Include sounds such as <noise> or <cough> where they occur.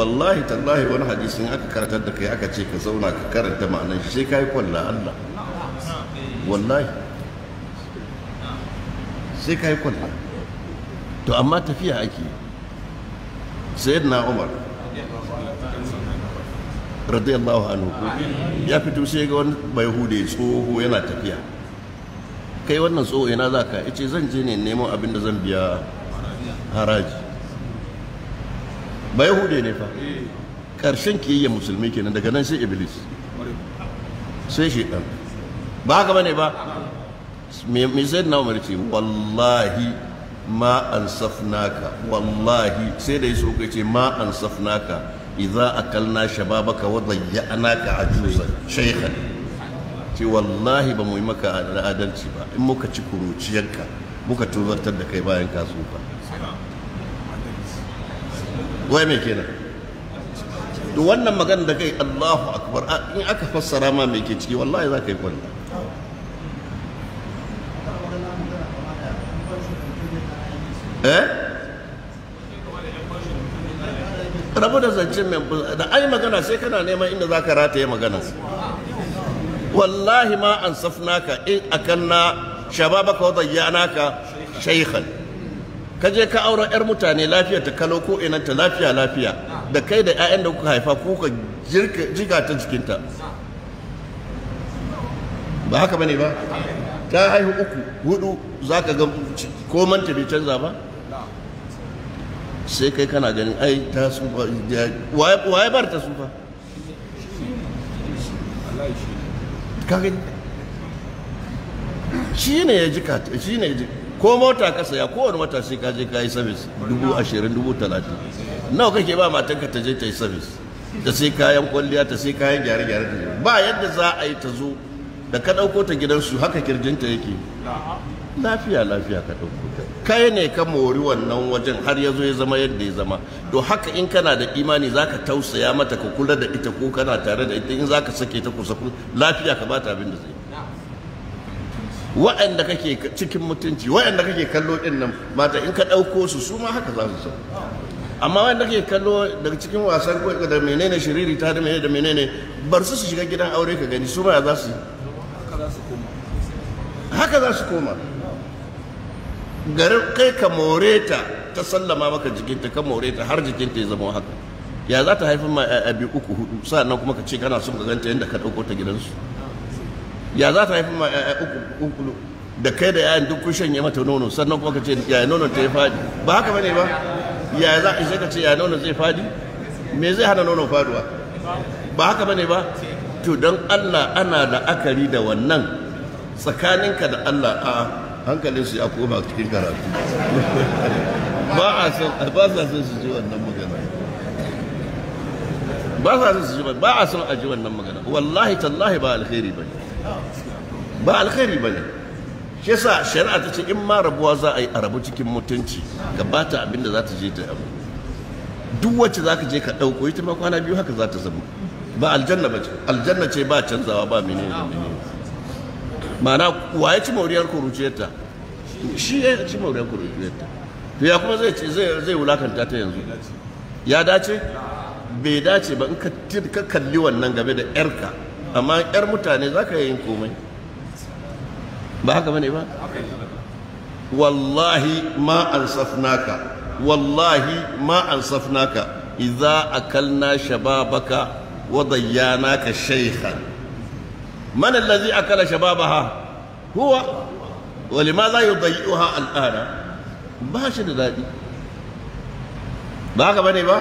wallahi tallahi wani hadisin aka karatar da kai aka ce ka zauna ka karanta ma'anar shi sai ka yi kwallon Allah wallahi sai ka yi kwallon to amma tafiya ake sayyidina umar radiyallahu anhu ya fito sai ga wani bai hude tsoho yana tafiya kai wannan tsoho yana ka ice zan je ne neman abin da zan biya haraji ba yahude ne fa karshen kiyayya musulmi kenan daga nan sai iblis sai dan ba haka bane ba me sai na umar ce wallahi ma ansafnaka wallahi sai da yaso ka ce ma ansafnaka idza akalna shababaka wa dayya'naka ajuza shaykhan ce wallahi ba mu yi maka adalci ba in muka ci kuruciyarka muka tuzartar da kai bayan ka tsufa wai mai kenan duk wannan magana da kai Allahu akbar in aka fassara ma mai ke ciki wallahi za ka yi wannan eh rabu da zancen mai da ai magana sai kana neman inda za ka rataye magana wallahi ma an safnaka in akanna shababaka wa ka shaykhan ka je ka auren yar mutane lafiya ta kalo ko ina ta lafiya lafiya da kai da 'ya'yan da kuka haifa kuka ka jirka ta jikinta ba haka bane ba ta haihu uku hudu za ka ga koman ta bai canza ba sai kai kana ganin ai ta su ba waye bar ta su ba ka gani shi ne ya jika shi ne ya jika ko mota ka saya kowane wata sai ka je ka yi service dubu ashirin dubu talatin nawa kake ba matanka ta je ta yi service ta sai kayan kwalliya ta sai kayan gyare-gyare ta ba yadda za a yi ta zo da ka ɗauko ta gidansu haka kirjinta yake lafiya lafiya ka ɗauko ta kai ne ka mori wannan wajen har ya zo ya zama yadda ya zama to haka in kana da imani za ka tausaya mata ka kula da ita ko kana tare da ita in za ka sake ta kusa lafiya ka ba ta abin da zai waɗanda kake cikin mutunci waɗanda kake kallo ɗin nan mata in ka ɗauko su su ma haka za su zo amma waɗanda kake kallo daga cikin wasan ko da menene shiriri ta da menene da menene bar su su shiga gidan aure ka gani su ma za su haka za su koma garin kai ka more ta ta sallama maka jikinta ka more ta har jikinta ya zama haka ya za ta haifin ma a biyu uku hudu sa'annan kuma ka ce kana son ka ganta yadda ka ɗauko ta gidansu ya za ta haifi ma ƴaƴa uku uku da kai da yayan duk kushen ya mata nono sannan kuma ka ce yaya nono ta ya fadi ba haka bane ba ya za a ka ce yaya nono zai fadi me zai hana nono faduwa ba haka bane ba to don Allah ana la'akari da wannan tsakaninka da Allah a hankalin su ya koma cikin karatu <laughs> ba a san ba sa san su ji wannan magana ba sa san su ji ba a san a ji wannan magana wallahi tallahi ba alheri bane ba alkhairi ba ne shi yasa shari'a ta ce in ma rabuwa za a yi a rabu cikin mutunci ka ba ta abin da za ta je ta abu duk wacce za ka je ka ɗauko ita ma kwana biyu haka za ta zama ba aljanna ba ce aljanna ce ba canzawa ba menene ne menene ma'ana wa ya ci mauriyar kuruciyarta shi ya ci mauriyar kuruciyarta to ya kuma zai zai wulakanta ta yanzu ya dace bai dace ba in ka kalli wannan game da yarka amma yar mutane za ka yin komai ba haka bane ba wallahi ma ansafnaka wallahi ma ansafnaka idza akalna shababaka wa dayyanaka shaykhan man alladhi akala shababaha huwa wa limadha yudayyuha al'ana ba shi da dadi ba haka bane ba